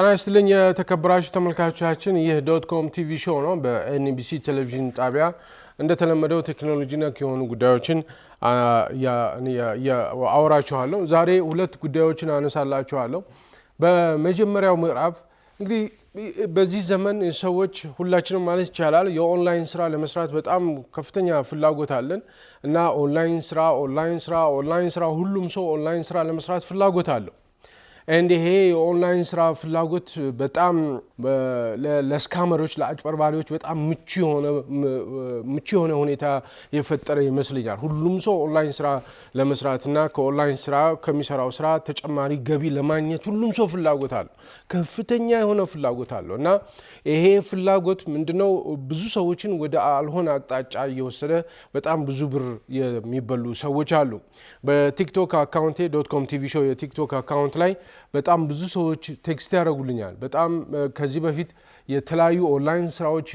ጤና ይስጥልኝ የተከበራችሁ ተመልካቾቻችን፣ ይህ ዶትኮም ቲቪ ሾው ነው። በኤንቢሲ ቴሌቪዥን ጣቢያ እንደተለመደው ቴክኖሎጂ ነክ የሆኑ ጉዳዮችን አወራችኋለሁ። ዛሬ ሁለት ጉዳዮችን አነሳላችኋለሁ። በመጀመሪያው ምዕራፍ እንግዲህ በዚህ ዘመን ሰዎች ሁላችንም ማለት ይቻላል የኦንላይን ስራ ለመስራት በጣም ከፍተኛ ፍላጎት አለን እና ኦንላይን ስራ ኦንላይን ስራ ኦንላይን ስራ ሁሉም ሰው ኦንላይን ስራ ለመስራት ፍላጎት አለው። እንድ ይሄ የኦንላይን ስራ ፍላጎት በጣም ለስካመሮች ለአጭበርባሪዎች በጣም ምቹ የሆነ ሁኔታ የፈጠረ ይመስለኛል። ሁሉም ሰው ኦንላይን ስራ ለመስራት ከኦንላይን ስራ ከሚሰራው ስራ ተጨማሪ ገቢ ለማግኘት ሁሉም ሰው ፍላጎት አለው፣ ከፍተኛ የሆነ ፍላጎት አለ። እና ይሄ ፍላጎት ምንድነው ብዙ ሰዎችን ወደ አልሆነ አቅጣጫ እየወሰደ በጣም ብዙ ብር የሚበሉ ሰዎች አሉ። በቲክቶክ አካውንቴ ዶት ኮም ቲቪ ሾው የቲክቶክ አካውንት ላይ በጣም ብዙ ሰዎች ቴክስት ያደርጉልኛል። በጣም ከዚህ በፊት የተለያዩ ኦንላይን ስራዎች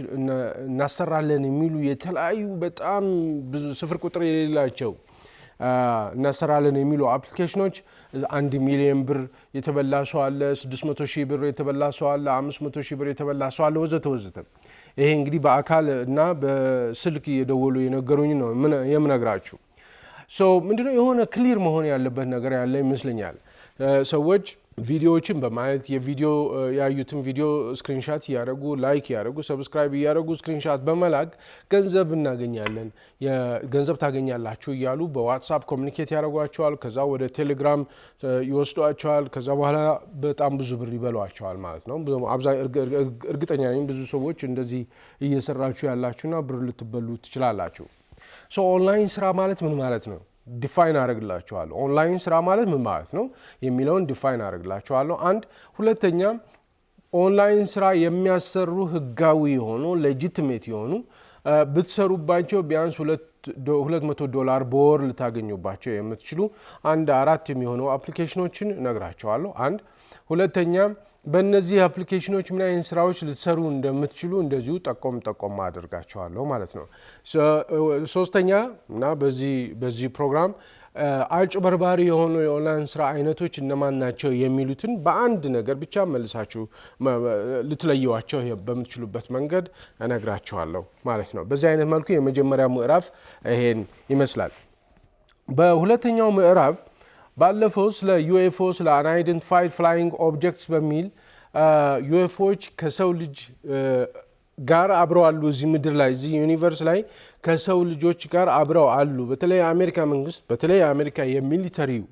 እናሰራለን የሚሉ የተለያዩ በጣም ብዙ ስፍር ቁጥር የሌላቸው እናሰራለን የሚሉ አፕሊኬሽኖች አንድ ሚሊዮን ብር የተበላ ሰው አለ፣ 600 ሺህ ብር የተበላ ሰው አለ፣ 500 ሺህ ብር የተበላ ሰው አለ፣ ወዘተ ወዘተ። ይሄ እንግዲህ በአካል እና በስልክ እየደወሉ የነገሩኝ ነው የምነግራችሁ። ሶ ምንድነው የሆነ ክሊር መሆን ያለበት ነገር ያለ ይመስለኛል። ሰዎች ቪዲዮዎችን በማየት የቪዲዮ ያዩትን ቪዲዮ ስክሪንሻት እያደረጉ ላይክ እያደረጉ ሰብስክራይብ እያደረጉ ስክሪንሻት በመላክ ገንዘብ እናገኛለን ገንዘብ ታገኛላችሁ እያሉ በዋትሳፕ ኮሚኒኬት ያደረጓቸዋል። ከዛ ወደ ቴሌግራም ይወስዷቸዋል። ከዛ በኋላ በጣም ብዙ ብር ይበሏቸዋል ማለት ነው። እርግጠኛ ነኝ ብዙ ሰዎች እንደዚህ እየሰራችሁ ያላችሁና ብር ልትበሉ ትችላላችሁ። ኦንላይን ስራ ማለት ምን ማለት ነው? ዲፋይን አደርግላችኋለሁ። ኦንላይን ስራ ማለት ምን ማለት ነው የሚለውን ዲፋይን አደርግላችኋለሁ። አንድ ሁለተኛ ኦንላይን ስራ የሚያሰሩ ህጋዊ የሆኑ ሌጂትሜት የሆኑ ብትሰሩባቸው ቢያንስ ሁለት መቶ ዶላር በወር ልታገኙባቸው የምትችሉ አንድ አራት የሚሆኑ አፕሊኬሽኖችን ነግራቸዋለሁ። አንድ ሁለተኛ በእነዚህ አፕሊኬሽኖች ምን አይነት ስራዎች ልትሰሩ እንደምትችሉ እንደዚሁ ጠቆም ጠቆም አድርጋቸዋለሁ ማለት ነው። ሶስተኛ እና በዚህ ፕሮግራም አጭበርባሪ የሆኑ የኦንላይን ስራ አይነቶች እነማን ናቸው የሚሉትን በአንድ ነገር ብቻ መልሳችሁ ልትለየዋቸው በምትችሉበት መንገድ እነግራችኋለሁ ማለት ነው። በዚህ አይነት መልኩ የመጀመሪያው ምዕራፍ ይሄን ይመስላል። በሁለተኛው ምዕራፍ ባለፈው ስለ ዩኤፎ ስለ አንአይደንቲፋይድ ፍላይንግ ኦብጀክትስ በሚል ዩኤፎዎች ከሰው ልጅ ጋር አብረው አሉ እዚህ ምድር ላይ እዚህ ዩኒቨርስ ላይ ከሰው ልጆች ጋር አብረው አሉ። በተለይ የአሜሪካ መንግስት በተለይ የአሜሪካ የሚሊተሪው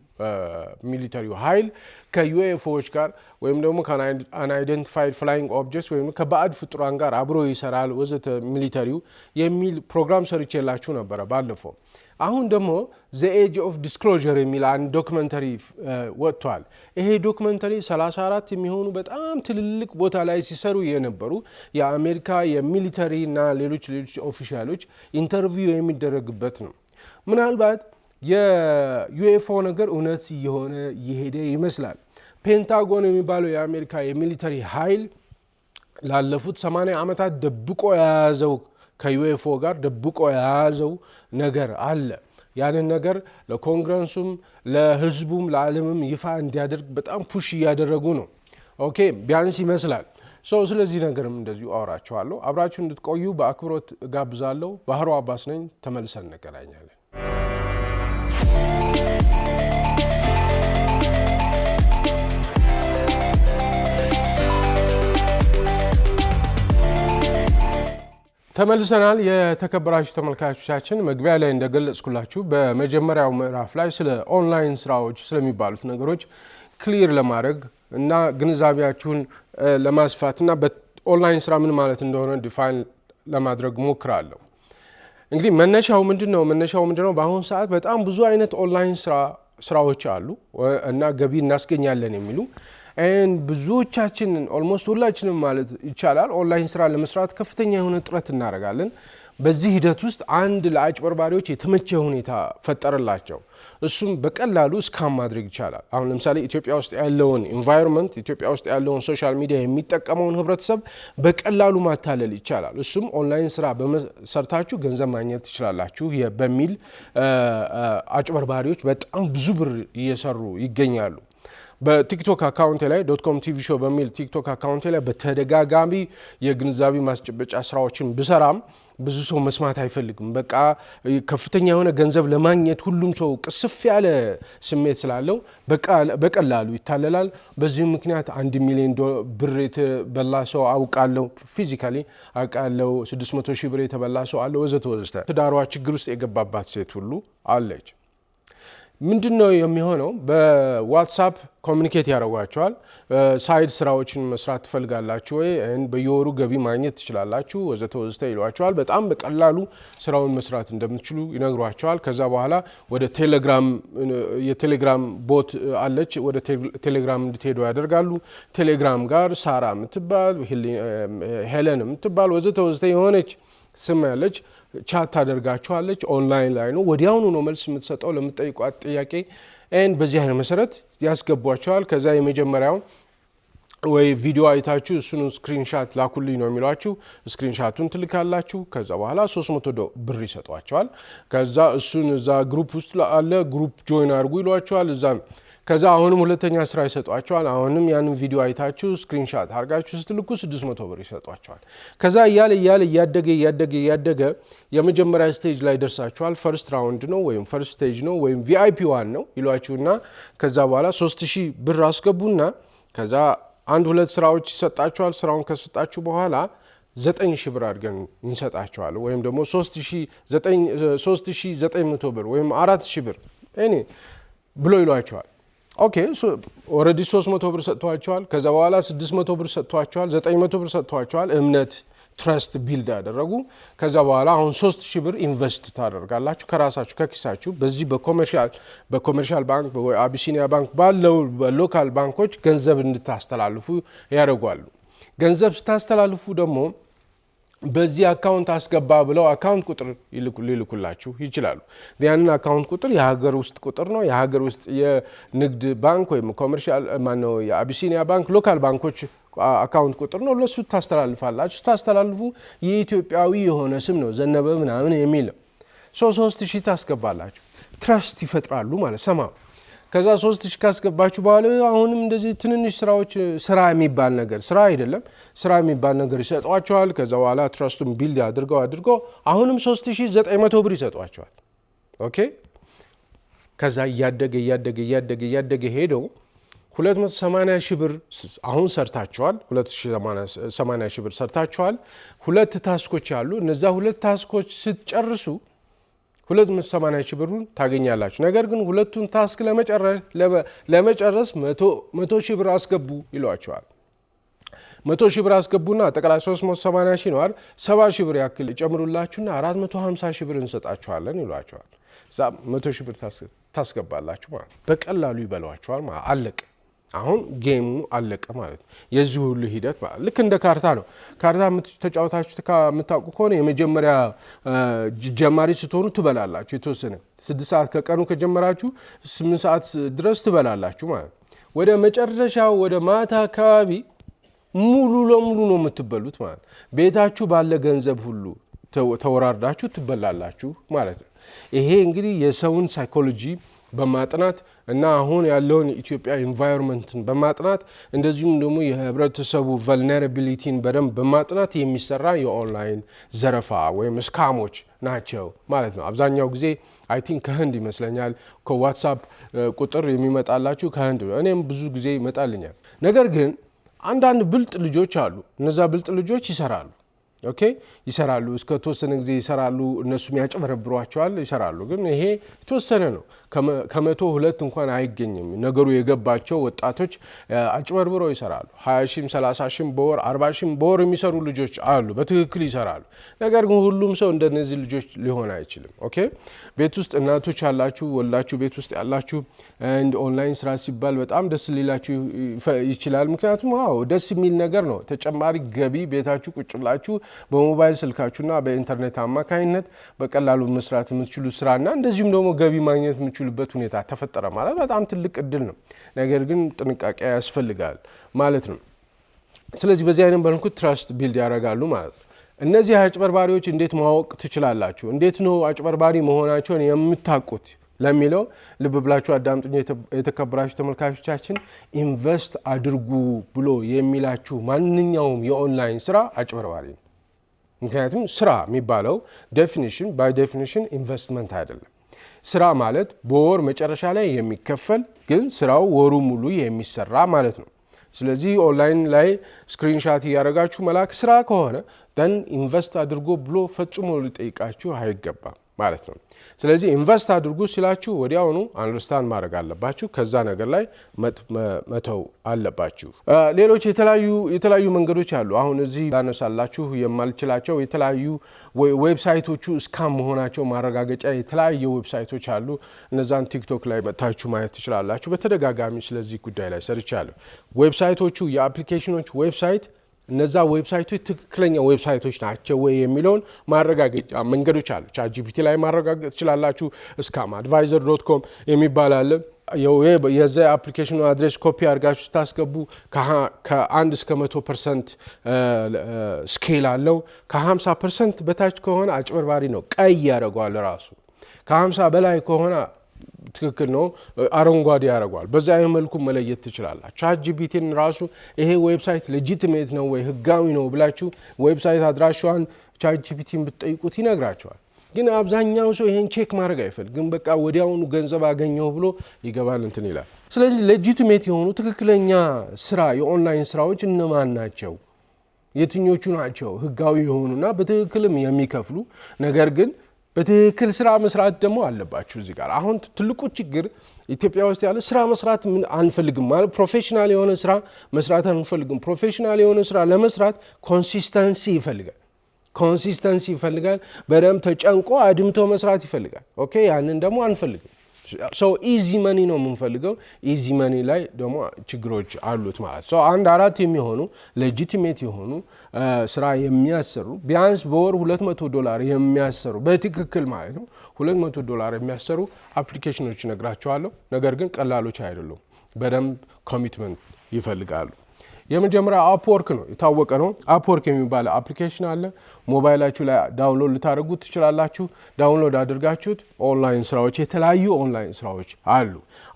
ሚሊተሪው ኃይል ከዩኤፎዎች ጋር ወይም ደግሞ ከአንአይደንቲፋይድ ፍላይንግ ኦብጀክትስ ወይም ከባዕድ ፍጡራን ጋር አብሮ ይሰራል ወዘተ ሚሊተሪው የሚል ፕሮግራም ሰርቼላችሁ ነበረ ባለፈው አሁን ደግሞ ዘ ኤጅ ኦፍ ዲስክሎዥር የሚል አንድ ዶክመንተሪ ወጥቷል። ይሄ ዶክመንተሪ 34 የሚሆኑ በጣም ትልልቅ ቦታ ላይ ሲሰሩ የነበሩ የአሜሪካ የሚሊተሪ እና ሌሎች ሌሎች ኦፊሻሎች ኢንተርቪው የሚደረግበት ነው። ምናልባት የዩኤፎ ነገር እውነት እየሆነ የሄደ ይመስላል። ፔንታጎን የሚባለው የአሜሪካ የሚሊተሪ ኃይል ላለፉት 80 ዓመታት ደብቆ የያዘው ከዩኤፎ ጋር ደብቆ የያዘው ነገር አለ። ያንን ነገር ለኮንግረሱም ለህዝቡም ለዓለምም ይፋ እንዲያደርግ በጣም ፑሽ እያደረጉ ነው። ኦኬ ቢያንስ ይመስላል ሰው። ስለዚህ ነገርም እንደዚሁ አወራችኋለሁ። አብራችሁ እንድትቆዩ በአክብሮት እጋብዛለሁ ባህሩ አባስ ነኝ። ተመልሰን እንገናኛለን። ተመልሰናል የተከበራችሁ ተመልካቾቻችን፣ መግቢያ ላይ እንደገለጽኩላችሁ በመጀመሪያው ምዕራፍ ላይ ስለ ኦንላይን ስራዎች ስለሚባሉት ነገሮች ክሊር ለማድረግ እና ግንዛቤያችሁን ለማስፋት እና በኦንላይን ስራ ምን ማለት እንደሆነ ዲፋይን ለማድረግ ሞክራለሁ። እንግዲህ መነሻው ምንድን ነው? መነሻው ምንድን ነው? በአሁኑ ሰዓት በጣም ብዙ አይነት ኦንላይን ስራዎች አሉ እና ገቢ እናስገኛለን የሚሉ ብዙዎቻችንን ኦልሞስት ሁላችንም ማለት ይቻላል ኦንላይን ስራ ለመስራት ከፍተኛ የሆነ ጥረት እናደርጋለን። በዚህ ሂደት ውስጥ አንድ ለአጭበርባሪዎች የተመቸ ሁኔታ ፈጠረላቸው። እሱም በቀላሉ እስካም ማድረግ ይቻላል። አሁን ለምሳሌ ኢትዮጵያ ውስጥ ያለውን ኢንቫይሮንመንት፣ ኢትዮጵያ ውስጥ ያለውን ሶሻል ሚዲያ የሚጠቀመውን ህብረተሰብ በቀላሉ ማታለል ይቻላል። እሱም ኦንላይን ስራ በመሰርታችሁ ገንዘብ ማግኘት ትችላላችሁ በሚል አጭበርባሪዎች በጣም ብዙ ብር እየሰሩ ይገኛሉ። በቲክቶክ አካውንቴ ላይ ዶትኮም ቲቪ ሾው በሚል ቲክቶክ አካውንቴ ላይ በተደጋጋሚ የግንዛቤ ማስጨበጫ ስራዎችን ብሰራም ብዙ ሰው መስማት አይፈልግም። በቃ ከፍተኛ የሆነ ገንዘብ ለማግኘት ሁሉም ሰው ቅስፍ ያለ ስሜት ስላለው በቀላሉ ይታለላል። በዚህም ምክንያት አንድ ሚሊዮን ብር የተበላ ሰው አውቃለሁ፣ ፊዚካሊ አውቃለሁ። 600 ሺህ ብር የተበላ ሰው አለ፣ ወዘተ ወዘተ። ትዳሯ ችግር ውስጥ የገባባት ሴት ሁሉ አለች። ምንድን ነው የሚሆነው? በዋትሳፕ ኮሚኒኬት ያደርጓቸዋል። ሳይድ ስራዎችን መስራት ትፈልጋላችሁ ወይ፣ በየወሩ ገቢ ማግኘት ትችላላችሁ ወዘተ ወዘተ ይሏቸዋል። በጣም በቀላሉ ስራውን መስራት እንደምትችሉ ይነግሯቸዋል። ከዛ በኋላ ወደ ቴሌግራም የቴሌግራም ቦት አለች። ወደ ቴሌግራም እንድትሄዱ ያደርጋሉ። ቴሌግራም ጋር ሳራ የምትባል ሄለን የምትባል ወዘተ ወዘተ የሆነች ስም ያለች ቻት ታደርጋችኋለች። ኦንላይን ላይ ነው፣ ወዲያውኑ ነው መልስ የምትሰጠው ለምትጠይቋት ጥያቄ። ኤን በዚህ አይነት መሰረት ያስገቧቸዋል። ከዛ የመጀመሪያውን ወይ ቪዲዮ አይታችሁ እሱን ስክሪንሻት ላኩልኝ ነው የሚሏችሁ። ስክሪንሻቱን ትልካላችሁ። ከዛ በኋላ 300 ብር ይሰጧቸዋል። ከዛ እሱን እዛ ግሩፕ ውስጥ አለ፣ ግሩፕ ጆይን አድርጉ ይሏቸዋል። እዛም ከዛ አሁንም ሁለተኛ ስራ ይሰጧቸዋል። አሁንም ያንን ቪዲዮ አይታችሁ ስክሪንሻት አድርጋችሁ ስትልኩ 600 ብር ይሰጧቸዋል። ከዛ እያለ እያለ እያደገ እያደገ እያደገ የመጀመሪያ ስቴጅ ላይ ደርሳችኋል። ፈርስት ራውንድ ነው ወይም ፈርስት ስቴጅ ነው ወይም ቪአይፒ ዋን ነው ይሏችሁና ከዛ በኋላ 3000 ብር አስገቡና ከዛ አንድ ሁለት ስራዎች ይሰጣችኋል። ስራውን ከሰጣችሁ በኋላ ዘጠኝ ብር አድርገን እንሰጣቸዋል ወይም ደግሞ 3900 መቶ ብር ወይም 4000 ብር እኔ ብሎ ይሏቸዋል። ኦኬ ኦረዲ 300 ብር ሰጥቷቸዋል። ከዛ በኋላ 600 ብር ሰጥቷቸዋል። 900 ብር ሰጥቷቸዋል። እምነት ትረስት ቢልድ ያደረጉ ከዛ በኋላ አሁን 3000 ብር ኢንቨስት ታደርጋላችሁ ከራሳችሁ ከኪሳችሁ በዚህ በኮመርሻል ባንክ ወይ አቢሲኒያ ባንክ ባለው በሎካል ባንኮች ገንዘብ እንድታስተላልፉ ያደርጓሉ። ገንዘብ ስታስተላልፉ ደግሞ በዚህ አካውንት አስገባ ብለው አካውንት ቁጥር ሊልኩላችሁ ይችላሉ። ያንን አካውንት ቁጥር የሀገር ውስጥ ቁጥር ነው። የሀገር ውስጥ የንግድ ባንክ ወይም ኮመርሻል ማነው የአቢሲኒያ ባንክ፣ ሎካል ባንኮች አካውንት ቁጥር ነው። ለሱ ታስተላልፋላችሁ። ታስተላልፉ የኢትዮጵያዊ የሆነ ስም ነው ዘነበ ምናምን የሚል ነው። ሶ ሶስት ሺህ ታስገባላችሁ። ትረስት ይፈጥራሉ ማለት ሰማ ከዛ ሶስት ሺ ካስገባችሁ በኋላ አሁንም እንደዚህ ትንንሽ ስራዎች ስራ የሚባል ነገር ስራ አይደለም ስራ የሚባል ነገር ይሰጧቸዋል። ከዛ በኋላ ትረስቱን ቢልድ አድርገው አድርገው አሁንም ሶስት ሺ ዘጠኝ መቶ ብር ይሰጧቸዋል። ኦኬ ከዛ እያደገ እያደገ እያደገ እያደገ ሄደው 280 ሺ ብር አሁን ሰርታችኋል። 280 ሺ ብር ሰርታቸዋል ሁለት ታስኮች አሉ። እነዛ ሁለት ታስኮች ስትጨርሱ 280 ሺህ ብሩን ታገኛላችሁ። ነገር ግን ሁለቱን ታስክ ለመጨረስ 100 ሺህ ብር አስገቡ ይሏቸዋል። 100 ሺህ ብር አስገቡና ጠቅላይ 380 ሺህ ነው አይደል? 70 ሺህ ብር ያክል ጨምሩላችሁና 450 ሺህ ብር እንሰጣችኋለን ይሏቸዋል። እዛ 100 ሺህ ብር ታስገባላችሁ ማለት በቀላሉ ይበሏቸዋል ማለት አለቅ አሁን ጌሙ አለቀ ማለት ነው። የዚህ ሁሉ ሂደት ልክ እንደ ካርታ ነው። ካርታ ተጫወታችሁ የምታውቁ ከሆነ የመጀመሪያ ጀማሪ ስትሆኑ ትበላላችሁ። የተወሰነ ስድስት ሰዓት ከቀኑ ከጀመራችሁ ስምንት ሰዓት ድረስ ትበላላችሁ ማለት ነው። ወደ መጨረሻው ወደ ማታ አካባቢ ሙሉ ለሙሉ ነው የምትበሉት ማለት ነው። ቤታችሁ ባለ ገንዘብ ሁሉ ተወራርዳችሁ ትበላላችሁ ማለት ነው። ይሄ እንግዲህ የሰውን ሳይኮሎጂ በማጥናት እና አሁን ያለውን የኢትዮጵያ ኢንቫይሮንመንትን በማጥናት እንደዚሁም ደግሞ የህብረተሰቡ ቨልነራቢሊቲን በደንብ በማጥናት የሚሰራ የኦንላይን ዘረፋ ወይም ስካሞች ናቸው ማለት ነው። አብዛኛው ጊዜ አይ ቲንክ ከህንድ ይመስለኛል ከዋትሳፕ ቁጥር የሚመጣላችሁ ከህንድ ነው። እኔም ብዙ ጊዜ ይመጣልኛል። ነገር ግን አንዳንድ ብልጥ ልጆች አሉ። እነዛ ብልጥ ልጆች ይሰራሉ ኦኬ ይሰራሉ። እስከ ተወሰነ ጊዜ ይሰራሉ። እነሱም ያጭበረብሯቸዋል፣ ይሰራሉ። ግን ይሄ የተወሰነ ነው። ከመቶ ሁለት እንኳን አይገኝም። ነገሩ የገባቸው ወጣቶች አጭበርብረው ይሰራሉ። ሀያ ሺም ሰላሳ ሺም በወር አርባ ሺም በወር የሚሰሩ ልጆች አሉ። በትክክል ይሰራሉ። ነገር ግን ሁሉም ሰው እንደነዚህ ልጆች ሊሆን አይችልም። ኦኬ ቤት ውስጥ እናቶች ያላችሁ ወላችሁ ቤት ውስጥ ያላችሁ ኦንላይን ስራ ሲባል በጣም ደስ ሊላችሁ ይችላል። ምክንያቱም ደስ የሚል ነገር ነው። ተጨማሪ ገቢ ቤታችሁ ቁጭ ብላችሁ በሞባይል ስልካችሁና በኢንተርኔት አማካኝነት በቀላሉ መስራት የምትችሉ ስራና እንደዚሁም ደግሞ ገቢ ማግኘት የምችሉበት ሁኔታ ተፈጠረ ማለት በጣም ትልቅ እድል ነው። ነገር ግን ጥንቃቄ ያስፈልጋል ማለት ነው። ስለዚህ በዚህ አይነት መልኩ ትራስት ቢልድ ያደርጋሉ ማለት ነው። እነዚህ አጭበርባሪዎች እንዴት ማወቅ ትችላላችሁ? እንዴት ነው አጭበርባሪ መሆናቸውን የምታውቁት ለሚለው ልብ ብላችሁ አዳምጡኝ። የተከበራችሁ ተመልካቾቻችን፣ ኢንቨስት አድርጉ ብሎ የሚላችሁ ማንኛውም የኦንላይን ስራ አጭበርባሪ ነው። ምክንያቱም ስራ የሚባለው ዴፊኒሽን ባይ ዴፊኒሽን ኢንቨስትመንት አይደለም። ስራ ማለት በወር መጨረሻ ላይ የሚከፈል ግን ስራው ወሩ ሙሉ የሚሰራ ማለት ነው። ስለዚህ ኦንላይን ላይ ስክሪንሻት እያደረጋችሁ መላክ ስራ ከሆነ ደን ኢንቨስት አድርጎ ብሎ ፈጽሞ ሊጠይቃችሁ አይገባም። ማለት ነው። ስለዚህ ኢንቨስት አድርጉ ሲላችሁ ወዲያውኑ አንደርስታንድ ማድረግ አለባችሁ። ከዛ ነገር ላይ መተው አለባችሁ። ሌሎች የተለያዩ መንገዶች አሉ። አሁን እዚህ ላነሳላችሁ የማልችላቸው የተለያዩ ዌብሳይቶቹ እስካም መሆናቸው ማረጋገጫ የተለያየ ዌብሳይቶች አሉ። እነዛን ቲክቶክ ላይ መጥታችሁ ማየት ትችላላችሁ። በተደጋጋሚ ስለዚህ ጉዳይ ላይ ሰርቻለሁ። ዌብሳይቶቹ የአፕሊኬሽኖች ዌብሳይት እነዛ ዌብሳይቶች ትክክለኛ ዌብሳይቶች ናቸው ወይ የሚለውን ማረጋገጫ መንገዶች አሉ። ቻትጂፒቲ ላይ ማረጋገጥ ትችላላችሁ። እስካም አድቫይዘር ዶት ኮም የሚባል አለ። የዚ አፕሊኬሽኑ አድሬስ ኮፒ አድርጋችሁ ስታስገቡ ከአንድ እስከ መቶ ፐርሰንት ስኬል አለው። ከ50 ፐርሰንት በታች ከሆነ አጭበርባሪ ነው፣ ቀይ ያደርገዋል ራሱ። ከ50 በላይ ከሆነ ትክክል ነው። አረንጓዴ ያደርገዋል። በዛ መልኩ መለየት ትችላላችሁ። ቻት ጂፒቲን ራሱ ይሄ ዌብሳይት ሌጂትሜት ነው ወይ ህጋዊ ነው ብላችሁ ዌብሳይት አድራሻዋን ቻት ጂፒቲን ብትጠይቁት ይነግራቸዋል። ግን አብዛኛው ሰው ይሄን ቼክ ማድረግ አይፈልግም። በቃ ወዲያውኑ ገንዘብ አገኘሁ ብሎ ይገባል እንትን ይላል። ስለዚህ ሌጂትሜት የሆኑ ትክክለኛ ስራ የኦንላይን ስራዎች እነማን ናቸው? የትኞቹ ናቸው ህጋዊ የሆኑና በትክክልም የሚከፍሉ ነገር ግን በትክክል ስራ መስራት ደግሞ አለባችሁ። እዚህ ጋር አሁን ትልቁ ችግር ኢትዮጵያ ውስጥ ያለ ስራ መስራት አንፈልግም ማለት ፕሮፌሽናል የሆነ ስራ መስራት አንፈልግም። ፕሮፌሽናል የሆነ ስራ ለመስራት ኮንሲስተንሲ ይፈልጋል። ኮንሲስተንሲ ይፈልጋል። በደንብ ተጨንቆ አድምቶ መስራት ይፈልጋል። ኦኬ፣ ያንን ደግሞ አንፈልግም። ሰው ኢዚ መኒ ነው የምንፈልገው። ኢዚ መኒ ላይ ደግሞ ችግሮች አሉት ማለት ሰው አንድ አራት የሚሆኑ ሌጂቲሜት የሆኑ ስራ የሚያሰሩ ቢያንስ በወር 200 ዶላር የሚያሰሩ በትክክል ማለት ነው 200 ዶላር የሚያሰሩ አፕሊኬሽኖች ነግራቸዋለሁ። ነገር ግን ቀላሎች አይደሉም። በደንብ ኮሚትመንት ይፈልጋሉ። የመጀመሪያ አፕወርክ ነው፣ የታወቀ ነው። አፕወርክ የሚባለ አፕሊኬሽን አለ። ሞባይላችሁ ላይ ዳውንሎድ ልታደርጉት ትችላላችሁ። ዳውንሎድ አድርጋችሁት ኦንላይን ስራዎች፣ የተለያዩ ኦንላይን ስራዎች አሉ።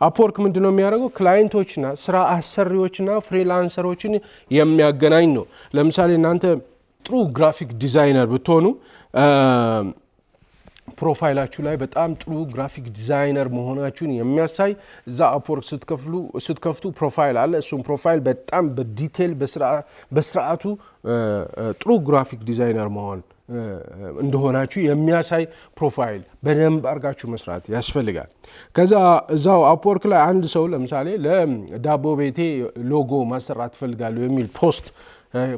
አፕወርክ ምንድን ነው የሚያደርገው? ክላይንቶችና ስራ አሰሪዎችና ፍሪላንሰሮችን የሚያገናኝ ነው። ለምሳሌ እናንተ ጥሩ ግራፊክ ዲዛይነር ብትሆኑ ፕሮፋይላችሁ ላይ በጣም ጥሩ ግራፊክ ዲዛይነር መሆናችሁን የሚያሳይ እዛ አፕወርክ ስትከፍቱ ፕሮፋይል አለ። እሱም ፕሮፋይል በጣም በዲቴል በስርዓቱ ጥሩ ግራፊክ ዲዛይነር መሆን እንደሆናችሁ የሚያሳይ ፕሮፋይል በደንብ አድርጋችሁ መስራት ያስፈልጋል። ከዛ እዛው አፕወርክ ላይ አንድ ሰው ለምሳሌ ለዳቦ ቤቴ ሎጎ ማሰራት ትፈልጋለሁ የሚል ፖስት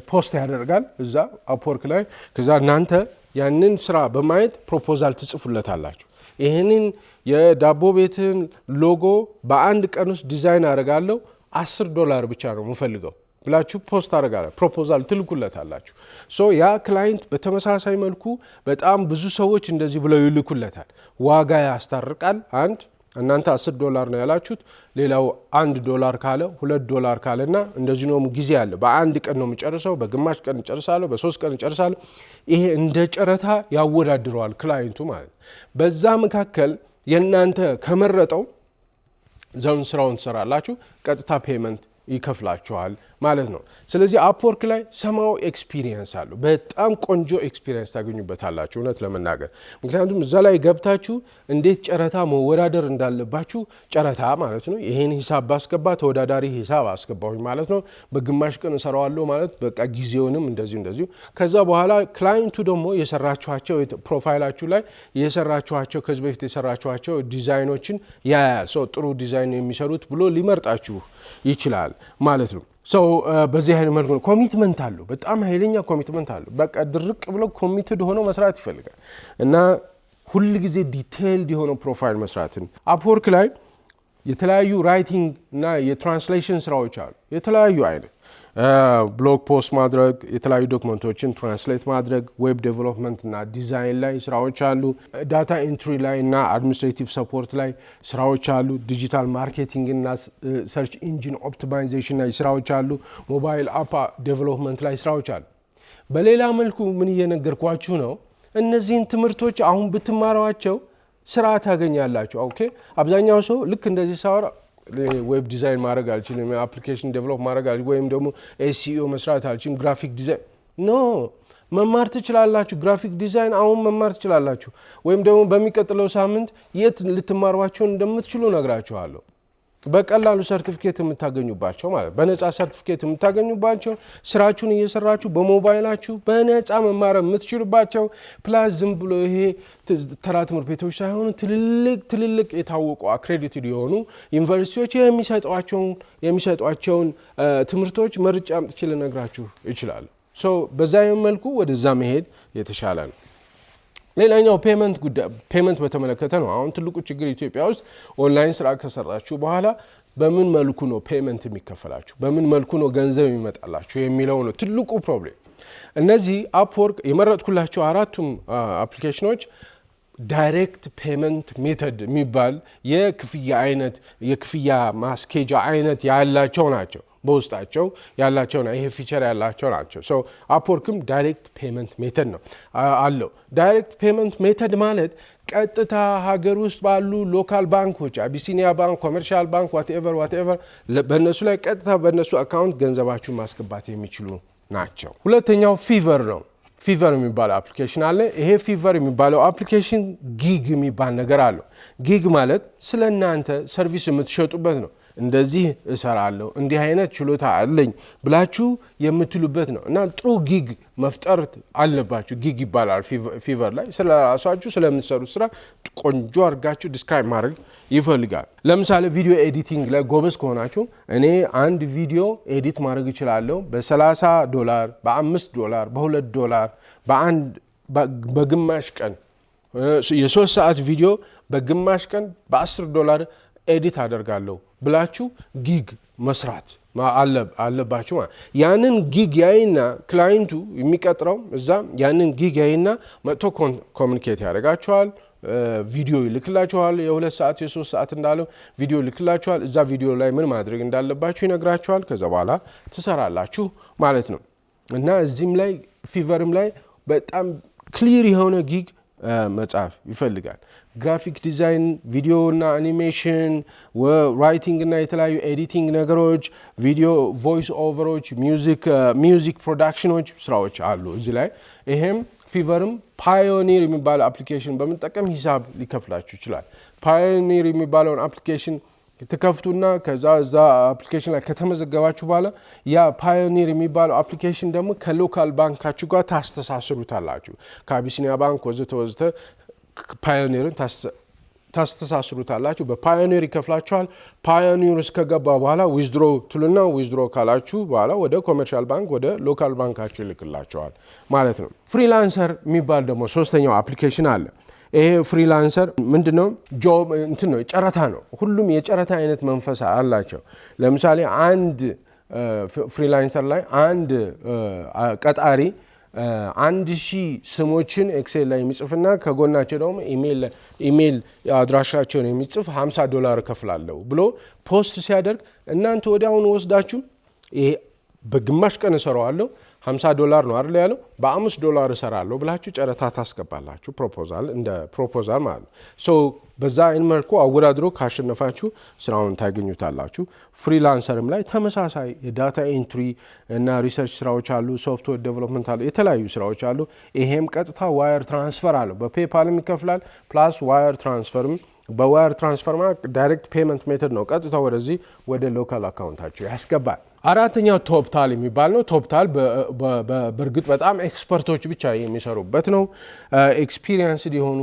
ፖስት ያደርጋል እዛ አፕወርክ ላይ ከዛ እናንተ ያንን ስራ በማየት ፕሮፖዛል ትጽፉለታላችሁ። ይህንን የዳቦ ቤትን ሎጎ በአንድ ቀን ውስጥ ዲዛይን አደርጋለሁ፣ አስር ዶላር ብቻ ነው የምፈልገው ብላችሁ ፖስት አደርጋለሁ፣ ፕሮፖዛል ትልኩለታላችሁ። ሶ ያ ክላይንት በተመሳሳይ መልኩ በጣም ብዙ ሰዎች እንደዚህ ብለው ይልኩለታል። ዋጋ ያስታርቃል አንድ እናንተ አስር ዶላር ነው ያላችሁት፣ ሌላው አንድ ዶላር ካለ ሁለት ዶላር ካለ እና እንደዚህ ነው። ጊዜ አለ። በአንድ ቀን ነው የምጨርሰው፣ በግማሽ ቀን እጨርሳለሁ፣ በሶስት ቀን እጨርሳለሁ። ይሄ እንደ ጨረታ ያወዳድረዋል ክላይንቱ ማለት ነው። በዛ መካከል የእናንተ ከመረጠው ዘውን ስራውን ትሰራላችሁ፣ ቀጥታ ፔመንት ይከፍላችኋል ማለት ነው። ስለዚህ አፕወርክ ላይ ሰማው ኤክስፒሪየንስ አለው። በጣም ቆንጆ ኤክስፒሪየንስ ታገኙበታላችሁ እውነት ለመናገር ምክንያቱም እዛ ላይ ገብታችሁ እንዴት ጨረታ መወዳደር እንዳለባችሁ ጨረታ ማለት ነው። ይሄን ሂሳብ ባስገባ ተወዳዳሪ ሂሳብ አስገባሁኝ ማለት ነው። በግማሽ ቀን እሰራዋለሁ ማለት በቃ ጊዜውንም እንደዚሁ እንደዚሁ። ከዛ በኋላ ክላይንቱ ደግሞ የሰራችኋቸው ፕሮፋይላችሁ ላይ የሰራችኋቸው ከዚህ በፊት የሰራችኋቸው ዲዛይኖችን ያያል። ሰው ጥሩ ዲዛይን የሚሰሩት ብሎ ሊመርጣችሁ ይችላል ማለት ነው። ሰው uh, በዚህ አይነት መልኩ ነው። ኮሚትመንት አሉ፣ በጣም ኃይለኛ ኮሚትመንት አሉ። በቃ ድርቅ ብለው ኮሚትድ ሆኖ መስራት ይፈልጋል እና ሁል ጊዜ ዲቴይልድ የሆነው ፕሮፋይል መስራትን አፕወርክ ላይ የተለያዩ ራይቲንግ እና የትራንስሌሽን ስራዎች አሉ የተለያዩ አይነት ብሎግ ፖስት ማድረግ፣ የተለያዩ ዶክመንቶችን ትራንስሌት ማድረግ፣ ዌብ ዴቨሎፕመንት እና ዲዛይን ላይ ስራዎች አሉ። ዳታ ኢንትሪ ላይ እና አድሚኒስትሬቲቭ ሰፖርት ላይ ስራዎች አሉ። ዲጂታል ማርኬቲንግ እና ሰርች ኢንጂን ኦፕቲማይዜሽን ላይ ስራዎች አሉ። ሞባይል አፕ ዴቨሎፕመንት ላይ ስራዎች አሉ። በሌላ መልኩ ምን እየነገርኳችሁ ነው? እነዚህን ትምህርቶች አሁን ብትማረዋቸው ስራ ታገኛላችሁ። ኦኬ አብዛኛው ሰው ልክ እንደዚህ ሳወራ ዌብ ዲዛይን ማድረግ አልችልም፣ አፕሊኬሽን ዴቨሎፕ ማድረግ አልችልም፣ ወይም ደግሞ ኤስኢኦ e መስራት አልችልም፣ ግራፊክ ዲዛይን ኖ መማር ትችላላችሁ። ግራፊክ ዲዛይን አሁን መማር ትችላላችሁ። ወይም ደግሞ በሚቀጥለው ሳምንት የት ልትማሯቸውን እንደምትችሉ ነግራችኋለሁ። በቀላሉ ሰርቲፊኬት የምታገኙባቸው ማለት በነፃ ሰርቲፊኬት የምታገኙባቸው ስራችሁን እየሰራችሁ በሞባይላችሁ በነፃ መማር የምትችሉባቸው ፕላስ ዝም ብሎ ይሄ ተራ ትምህርት ቤቶች ሳይሆኑ ትልልቅ ትልልቅ የታወቁ አክሬዲትድ የሆኑ ዩኒቨርሲቲዎች የሚሰጧቸውን ትምህርቶች መርጫ አምጥቼ ልነግራችሁ እችላለሁ። በዛ መልኩ ወደዛ መሄድ የተሻለ ነው። ሌላኛው ፔመንት ጉዳይ ፔመንት በተመለከተ ነው። አሁን ትልቁ ችግር ኢትዮጵያ ውስጥ ኦንላይን ስራ ከሰራችሁ በኋላ በምን መልኩ ነው ፔመንት የሚከፈላችሁ፣ በምን መልኩ ነው ገንዘብ የሚመጣላችሁ የሚለው ነው ትልቁ ፕሮብሌም። እነዚህ አፕወርክ የመረጥኩላቸው አራቱም አፕሊኬሽኖች ዳይሬክት ፔመንት ሜተድ የሚባል የክፍያ አይነት የክፍያ ማስኬጃ አይነት ያላቸው ናቸው። በውስጣቸው ያላቸው ይሄ ፊቸር ያላቸው ናቸው። ሶ አፕወርክም ዳይሬክት ፔመንት ሜተድ ነው አለው። ዳይሬክት ፔመንት ሜተድ ማለት ቀጥታ ሀገር ውስጥ ባሉ ሎካል ባንኮች አቢሲኒያ ባንክ፣ ኮመርሻል ባንክ ዋትኤቨር ዋትኤቨር በእነሱ ላይ ቀጥታ በእነሱ አካውንት ገንዘባችሁን ማስገባት የሚችሉ ናቸው። ሁለተኛው ፊቨር ነው። ፊቨር የሚባለው አፕሊኬሽን አለ። ይሄ ፊቨር የሚባለው አፕሊኬሽን ጊግ የሚባል ነገር አለው። ጊግ ማለት ስለ እናንተ ሰርቪስ የምትሸጡበት ነው። እንደዚህ እሰራለሁ እንዲህ አይነት ችሎታ አለኝ ብላችሁ የምትሉበት ነው እና ጥሩ ጊግ መፍጠር አለባችሁ። ጊግ ይባላል ፊቨር ላይ ስለ ራሳችሁ ስለምትሰሩት ስራ ቆንጆ አድርጋችሁ ዲስክራይብ ማድረግ ይፈልጋል። ለምሳሌ ቪዲዮ ኤዲቲንግ ላይ ጎበዝ ከሆናችሁ እኔ አንድ ቪዲዮ ኤዲት ማድረግ እችላለሁ በ30 ዶላር፣ በ5 ዶላር፣ በ2 ዶላር በአንድ በግማሽ ቀን የሶስት ሰዓት ቪዲዮ በግማሽ ቀን በ10 ዶላር ኤዲት አደርጋለሁ ብላችሁ ጊግ መስራት አለባችሁ። ያንን ጊግ ያይና ክላይንቱ የሚቀጥረው እዛ ያንን ጊግ ያይና መጥቶ ኮሚኒኬት ያደርጋችኋል። ቪዲዮ ይልክላችኋል። የሁለት ሰዓት የሶስት ሰዓት እንዳለው ቪዲዮ ይልክላችኋል። እዛ ቪዲዮ ላይ ምን ማድረግ እንዳለባችሁ ይነግራችኋል። ከዛ በኋላ ትሰራላችሁ ማለት ነው እና እዚህም ላይ ፊቨርም ላይ በጣም ክሊር የሆነ ጊግ መጽሐፍ ይፈልጋል። ግራፊክ ዲዛይን፣ ቪዲዮ እና አኒሜሽን፣ ራይቲንግ እና የተለያዩ ኤዲቲንግ ነገሮች፣ ቪዲዮ ቮይስ ኦቨሮች፣ ሚውዚክ ፕሮዳክሽኖች ስራዎች አሉ እዚህ ላይ ይሄም ፊቨርም ፓዮኒር የሚባለው አፕሊኬሽን በመጠቀም ሂሳብ ሊከፍላችሁ ይችላል። ፓዮኒር የሚባለውን አፕሊኬሽን ትከፍቱና ከዛ እዛ አፕሊኬሽን ላይ ከተመዘገባችሁ በኋላ ያ ፓዮኒር የሚባለው አፕሊኬሽን ደግሞ ከሎካል ባንካችሁ ጋር ታስተሳስሩታላችሁ። ከአቢሲኒያ ባንክ ወዘተ ወዘተ ፓዮኒርን ታስተሳስሩታላችሁ። በፓዮኒር ይከፍላችኋል። ፓዮኒር እስከገባ ከገባ በኋላ ዊዝድሮ ትሉና ዊዝድሮ ካላችሁ በኋላ ወደ ኮመርሻል ባንክ ወደ ሎካል ባንካችሁ ይልክላቸዋል ማለት ነው። ፍሪላንሰር የሚባል ደግሞ ሶስተኛው አፕሊኬሽን አለ። ይሄ ፍሪላንሰር ምንድነው? ጆብ እንትን ነው፣ ጨረታ ነው። ሁሉም የጨረታ አይነት መንፈስ አላቸው። ለምሳሌ አንድ ፍሪላንሰር ላይ አንድ ቀጣሪ አንድ ሺህ ስሞችን ኤክሴል ላይ የሚጽፍና ከጎናቸው ደግሞ ኢሜይል አድራሻቸውን የሚጽፍ 50 ዶላር እከፍላለሁ ብሎ ፖስት ሲያደርግ እናንተ ወዲያውኑ ወስዳችሁ ይሄ በግማሽ ቀን እሰራዋለሁ 50 ዶላር ነው አይደል ያለው። በ5 ዶላር እሰራለሁ ብላችሁ ጨረታ ታስገባላችሁ። ፕሮፖዛል እንደ ፕሮፖዛል ማለት ነው። ሶ በዛ አይን መልኩ አወዳድሮ ካሸነፋችሁ ስራውን ታገኙታላችሁ። ፍሪላንሰርም ላይ ተመሳሳይ የዳታ ኤንትሪ እና ሪሰርች ስራዎች አሉ፣ ሶፍትዌር ዴቨሎፕመንት አሉ፣ የተለያዩ ስራዎች አሉ። ይሄም ቀጥታ ዋየር ትራንስፈር አለው። በፔፓልም ይከፍላል ፕላስ ዋየር ትራንስፈርም በዋየር ትራንስፈርማ ዳይሬክት ፔመንት ሜተድ ነው። ቀጥታ ወደዚህ ወደ ሎካል አካውንታችሁ ያስገባል። አራተኛው ቶፕታል የሚባል ነው። ቶፕታል በእርግጥ በጣም ኤክስፐርቶች ብቻ የሚሰሩበት ነው። ኤክስፒሪየንስድ የሆኑ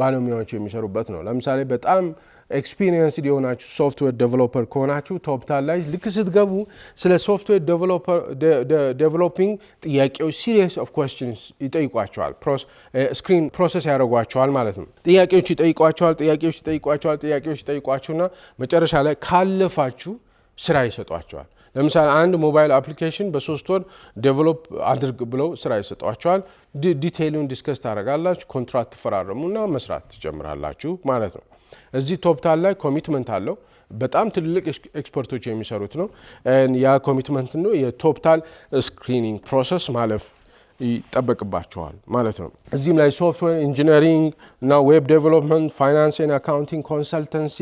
ባለሙያዎች የሚሰሩበት ነው። ለምሳሌ በጣም ኤክስፒሪየንስድ የሆናችሁ ሶፍትዌር ዴቨሎፐር ከሆናችሁ ቶፕታል ላይ ልክ ስትገቡ ስለ ሶፍትዌር ዴቨሎፒንግ ጥያቄዎች ሲሪየስ ኦፍ ኮስችንስ ይጠይቋቸዋል። ስክሪን ፕሮሰስ ያደርጓቸዋል ማለት ነው። ጥያቄዎች ይጠይቋቸዋል፣ ጥያቄዎች ይጠይቋቸዋል፣ ጥያቄዎች ይጠይቋችሁና መጨረሻ ላይ ካለፋችሁ ስራ ይሰጧቸዋል። ለምሳሌ አንድ ሞባይል አፕሊኬሽን በሶስት ወር ዴቨሎፕ አድርግ ብለው ስራ ይሰጧቸዋል። ዲቴይሉን ዲስከስ ታደርጋላችሁ፣ ኮንትራት ትፈራረሙና መስራት ትጀምራላችሁ ማለት ነው። እዚህ ቶፕታል ላይ ኮሚትመንት አለው። በጣም ትልልቅ ኤክስፐርቶች የሚሰሩት ነው። ያ ኮሚትመንት ነው የቶፕታል ስክሪኒንግ ፕሮሰስ ማለፍ ይጠበቅባቸዋል ማለት ነው። እዚህም ላይ ሶፍትዌር ኢንጂነሪንግ እና ዌብ ዴቨሎፕመንት፣ ፋይናንስን፣ አካውንቲንግ፣ ኮንሰልተንሲ፣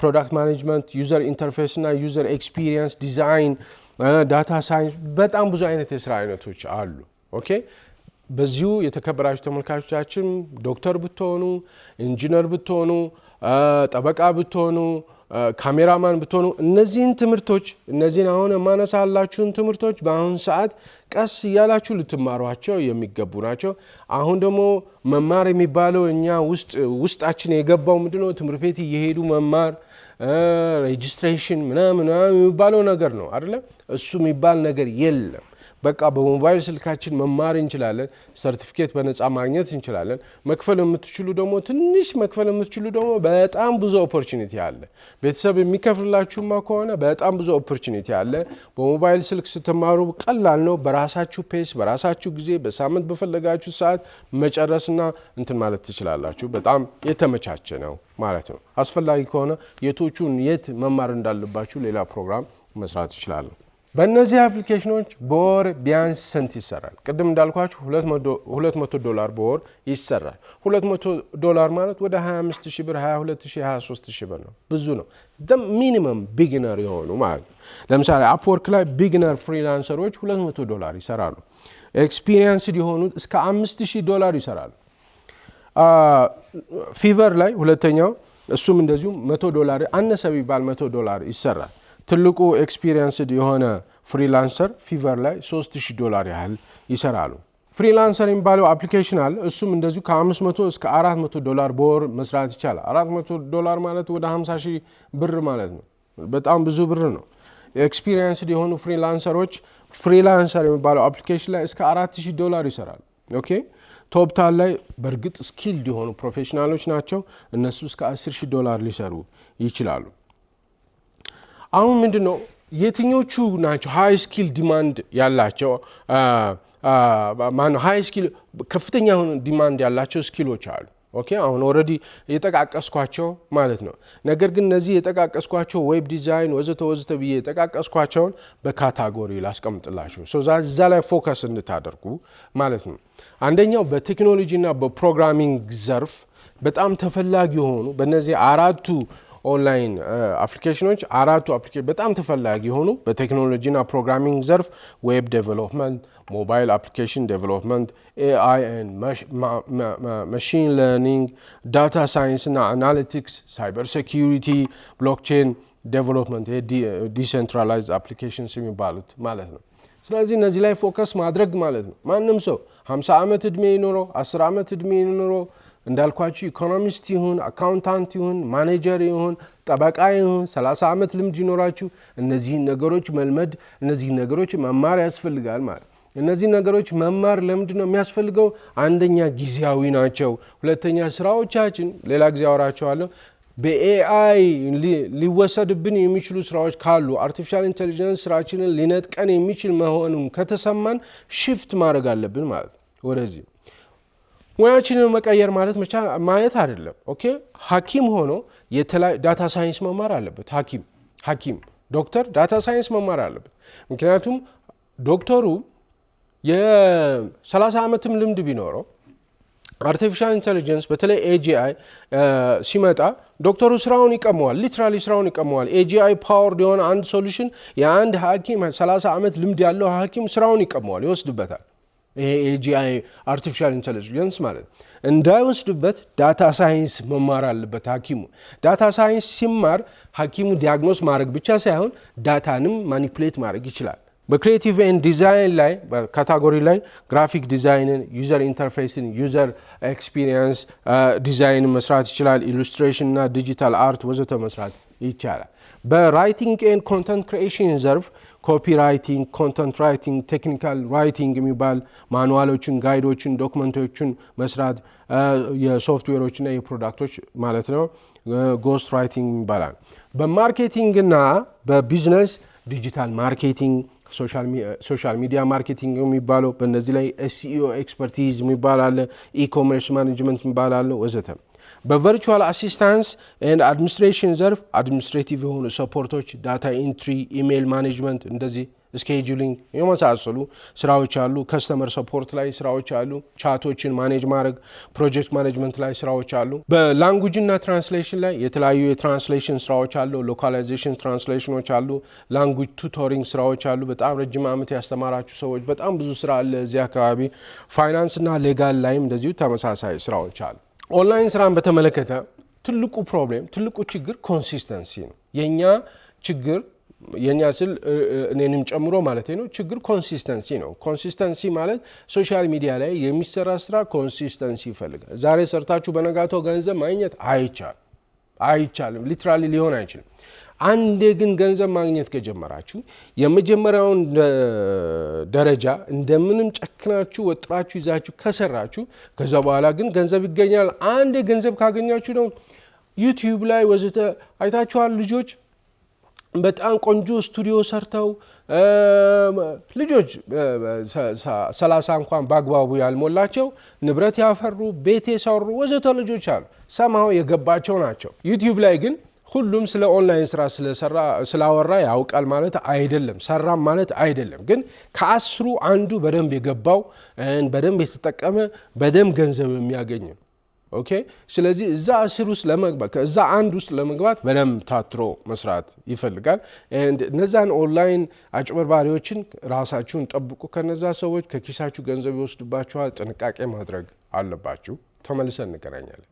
ፕሮዳክት ማኔጅመንት፣ ዩዘር ኢንተርፌስ እና ዩዘር ኤክስፒሪየንስ ዲዛይን፣ ዳታ ሳይንስ በጣም ብዙ አይነት የስራ አይነቶች አሉ። ኦኬ በዚሁ የተከበራችሁ ተመልካቾቻችን ዶክተር ብትሆኑ፣ ኢንጂነር ብትሆኑ፣ ጠበቃ ብትሆኑ ካሜራማን ብትሆኑ እነዚህን ትምህርቶች እነዚህን አሁን የማነሳላችሁን ትምህርቶች በአሁን ሰዓት ቀስ እያላችሁ ልትማሯቸው የሚገቡ ናቸው። አሁን ደግሞ መማር የሚባለው እኛ ውስጥ ውስጣችን የገባው ምንድነው? ትምህርት ቤት እየሄዱ መማር ሬጅስትሬሽን ምናምን የሚባለው ነገር ነው አይደለም? እሱ የሚባል ነገር የለም። በቃ በሞባይል ስልካችን መማር እንችላለን። ሰርቲፊኬት በነፃ ማግኘት እንችላለን። መክፈል የምትችሉ ደግሞ ትንሽ መክፈል የምትችሉ ደግሞ በጣም ብዙ ኦፖርቹኒቲ አለ። ቤተሰብ የሚከፍልላችሁማ ከሆነ በጣም ብዙ ኦፖርቹኒቲ አለ። በሞባይል ስልክ ስትማሩ ቀላል ነው። በራሳችሁ ፔስ፣ በራሳችሁ ጊዜ፣ በሳምንት በፈለጋችሁ ሰዓት መጨረስና እንትን ማለት ትችላላችሁ። በጣም የተመቻቸ ነው ማለት ነው። አስፈላጊ ከሆነ የቶቹን የት መማር እንዳለባችሁ ሌላ ፕሮግራም መስራት ይችላሉ። በእነዚህ አፕሊኬሽኖች በወር ቢያንስ ስንት ይሰራል? ቅድም እንዳልኳችሁ 200 ዶላር በወር ይሰራል። 200 ዶላር ማለት ወደ 25 ሺህ ብር፣ 22 ሺህ፣ 23 ሺህ ብር ነው። ብዙ ነው። ሚኒመም ቢግነር የሆኑ ማለት ነው። ለምሳሌ አፕወርክ ላይ ቢግነር ፍሪላንሰሮች 200 ዶላር ይሰራሉ። ኤክስፒሪየንስድ የሆኑት እስከ 5000 ዶላር ይሰራሉ። ፊቨር ላይ ሁለተኛው እሱም እንደዚሁ 100 ዶላር አነሰ ቢባል 100 ዶላር ይሰራል። ትልቁ ኤክስፒሪየንስድ የሆነ ፍሪላንሰር ፊቨር ላይ 3000 ዶላር ያህል ይሰራሉ። ፍሪላንሰር የሚባለው አፕሊኬሽን አለ። እሱም እንደዚሁ ከ500 እስከ 400 ዶላር በወር መስራት ይቻላል። 400 ዶላር ማለት ወደ 50 ሺህ ብር ማለት ነው። በጣም ብዙ ብር ነው። ኤክስፒሪየንስድ የሆኑ ፍሪላንሰሮች ፍሪላንሰር የሚባለው አፕሊኬሽን ላይ እስከ 4000 ዶላር ይሰራል። ኦኬ ቶፕታል ላይ በእርግጥ ስኪልድ የሆኑ ፕሮፌሽናሎች ናቸው። እነሱ እስከ 10 ዶላር ሊሰሩ ይችላሉ። አሁን ምንድን ነው የትኞቹ ናቸው ሀይ ስኪል ዲማንድ ያላቸው ማነው ሀይ ስኪል ከፍተኛ የሆነ ዲማንድ ያላቸው ስኪሎች አሉ። ኦኬ አሁን ኦልሬዲ የጠቃቀስኳቸው ማለት ነው። ነገር ግን እነዚህ የጠቃቀስኳቸው ዌብ ዲዛይን ወዘተ ወዘተ ብዬ የጠቃቀስኳቸውን በካታጎሪ ላስቀምጥላቸው እዛ ላይ ፎከስ እንድታደርጉ ማለት ነው። አንደኛው በቴክኖሎጂ ና በፕሮግራሚንግ ዘርፍ በጣም ተፈላጊ የሆኑ በእነዚህ አራቱ ኦንላይን አፕሊኬሽኖች አራቱ በጣም ተፈላጊ የሆኑ በቴክኖሎጂና ፕሮግራሚንግ ዘርፍ ዌብ ዴቨሎፕመንት፣ ሞባይል አፕሊኬሽን ዴቨሎፕመንት፣ ኤአይ፣ መሽን ለርኒንግ፣ ዳታ ሳይንስና አናሊቲክስ፣ ሳይበር ሴኪሪቲ፣ ብሎክቼን ዴቨሎፕመንት ዲሴንትራላይዝድ አፕሊኬሽንስ የሚባሉት ማለት ነው። ስለዚህ እነዚህ ላይ ፎከስ ማድረግ ማለት ነው። ማንም ሰው 50 ዓመት ዕድሜ ይኖረው 10 ዓመት ዕድሜ ይኖረው እንዳልኳችሁ ኢኮኖሚስት ይሁን አካውንታንት ይሁን ማኔጀር ይሁን ጠበቃ ይሁን 30 ዓመት ልምድ ይኖራችሁ እነዚህን ነገሮች መልመድ እነዚህ ነገሮች መማር ያስፈልጋል ማለት እነዚህ ነገሮች መማር ለምድ ነው የሚያስፈልገው? አንደኛ ጊዜያዊ ናቸው። ሁለተኛ ስራዎቻችን ሌላ ጊዜ አወራቸዋለሁ። በኤአይ ሊወሰድብን የሚችሉ ስራዎች ካሉ አርቲፊሻል ኢንቴሊጀንስ ስራችንን ሊነጥቀን የሚችል መሆኑን ከተሰማን ሽፍት ማድረግ አለብን ማለት ወደዚህ ሙያችንን መቀየር ማለት መቻ ማየት አይደለም። ኦኬ ሐኪም ሆኖ ዳታ ሳይንስ መማር አለበት። ሐኪም ሐኪም ዶክተር ዳታ ሳይንስ መማር አለበት። ምክንያቱም ዶክተሩ የ30 ዓመትም ልምድ ቢኖረው አርቲፊሻል ኢንቴሊጀንስ በተለይ ኤጂአይ ሲመጣ ዶክተሩ ስራውን ይቀመዋል። ሊትራሊ ስራውን ይቀመዋል። ኤጂአይ ፓወርድ የሆነ አንድ ሶሉሽን የአንድ ሐኪም 30 ዓመት ልምድ ያለው ሐኪም ስራውን ይቀመዋል፣ ይወስድበታል። ይሄ ኤጂአይ አርቲፊሻል ኢንቴሊጀንስ ማለት እንዳይወስድበት ዳታ ሳይንስ መማር አለበት ሐኪሙ ዳታ ሳይንስ ሲማር ሐኪሙ ዲያግኖስ ማድረግ ብቻ ሳይሆን ዳታንም ማኒፕሌት ማድረግ ይችላል። በክሪኤቲቭ ኤንድ ዲዛይን ላይ በካታጎሪ ላይ ግራፊክ ዲዛይንን፣ ዩዘር ኢንተርፌስን፣ ዩዘር ኤክስፒሪየንስ ዲዛይን መስራት ይችላል። ኢሉስትሬሽን እና ዲጂታል አርት ወዘተ መስራት ይቻላል። በራይቲንግ ኤንድ ኮንተንት ክሪኤሽን ዘርፍ ኮፒ ራይቲንግ፣ ኮንተንት ራይቲንግ፣ ቴክኒካል ራይቲንግ የሚባል ማኑዋሎችን፣ ጋይዶችን፣ ዶክመንቶችን መስራት የሶፍትዌሮችና የፕሮዳክቶች ማለት ነው። ጎስት ራይቲንግ ይባላል። በማርኬቲንግና በቢዝነስ ዲጂታል ማርኬቲንግ ሶሻል ሚዲያ ማርኬቲንግ የሚባለው በእነዚህ ላይ ኤስኢኦ ኤክስፐርቲዝ የሚባል አለ፣ ኢኮሜርስ ማኔጅመንት የሚባል አለ በቨርቹዋል አሲስታንስ ኤንድ አድሚኒስትሬሽን ዘርፍ አድሚኒስትሬቲቭ የሆኑ ሰፖርቶች፣ ዳታ ኢንትሪ፣ ኢሜይል ማኔጅመንት እንደዚህ ስኬጁሊንግ የመሳሰሉ ስራዎች አሉ። ከስተመር ሰፖርት ላይ ስራዎች አሉ። ቻቶችን ማኔጅ ማድረግ፣ ፕሮጀክት ማኔጅመንት ላይ ስራዎች አሉ። በላንጉጅና ትራንስሌሽን ላይ የተለያዩ የትራንስሌሽን ስራዎች አሉ። ሎካላይዜሽን ትራንስሌሽኖች አሉ። ላንጉጅ ቱቶሪንግ ስራዎች አሉ። በጣም ረጅም ዓመት ያስተማራችሁ ሰዎች በጣም ብዙ ስራ አለ እዚህ አካባቢ። ፋይናንስና ሌጋል ላይም እንደዚሁ ተመሳሳይ ስራዎች አሉ። ኦንላይን ስራን በተመለከተ ትልቁ ፕሮብሌም ትልቁ ችግር ኮንሲስተንሲ ነው። የእኛ ችግር የእኛ ስል እኔንም ጨምሮ ማለት ነው። ችግር ኮንሲስተንሲ ነው። ኮንሲስተንሲ ማለት ሶሻል ሚዲያ ላይ የሚሰራ ስራ ኮንሲስተንሲ ይፈልጋል። ዛሬ ሰርታችሁ በነጋቶ ገንዘብ ማግኘት አይቻል አይቻልም። ሊትራሊ ሊሆን አይችልም። አንዴ ግን ገንዘብ ማግኘት ከጀመራችሁ የመጀመሪያውን ደረጃ እንደምንም ጨክናችሁ ወጥራችሁ ይዛችሁ ከሰራችሁ ከዛ በኋላ ግን ገንዘብ ይገኛል። አንዴ ገንዘብ ካገኛችሁ ነው ዩቲዩብ ላይ ወዘተ አይታችኋል። ልጆች በጣም ቆንጆ ስቱዲዮ ሰርተው ልጆች ሰላሳ እንኳን በአግባቡ ያልሞላቸው ንብረት ያፈሩ ቤት የሰሩ ወዘተ ልጆች አሉ። ሰማው የገባቸው ናቸው። ዩቲዩብ ላይ ግን ሁሉም ስለ ኦንላይን ስራ ስላወራ ያውቃል ማለት አይደለም፣ ሰራም ማለት አይደለም። ግን ከአስሩ አንዱ በደንብ የገባው በደንብ የተጠቀመ በደንብ ገንዘብ የሚያገኝ ኦኬ። ስለዚህ እዛ አስር ውስጥ ለመግባት ከዛ አንድ ውስጥ ለመግባት በደንብ ታትሮ መስራት ይፈልጋል። እነዛን ኦንላይን አጭበርባሪዎችን ራሳችሁን ጠብቁ። ከነዛ ሰዎች ከኪሳችሁ ገንዘብ ይወስዱባችኋል። ጥንቃቄ ማድረግ አለባችሁ። ተመልሰን እንገናኛለን።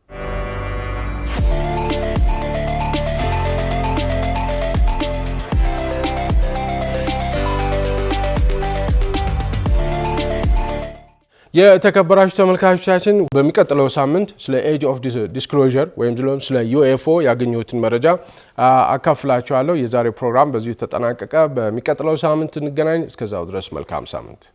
የተከበራችሁ ተመልካቾቻችን በሚቀጥለው ሳምንት ስለ ኤጅ ኦፍ ዲስክሎዥር ወይም ስለ ዩኤፍኦ ያገኘሁትን መረጃ አካፍላችኋለሁ። የዛሬው ፕሮግራም በዚሁ ተጠናቀቀ። በሚቀጥለው ሳምንት እንገናኝ። እስከዛው ድረስ መልካም ሳምንት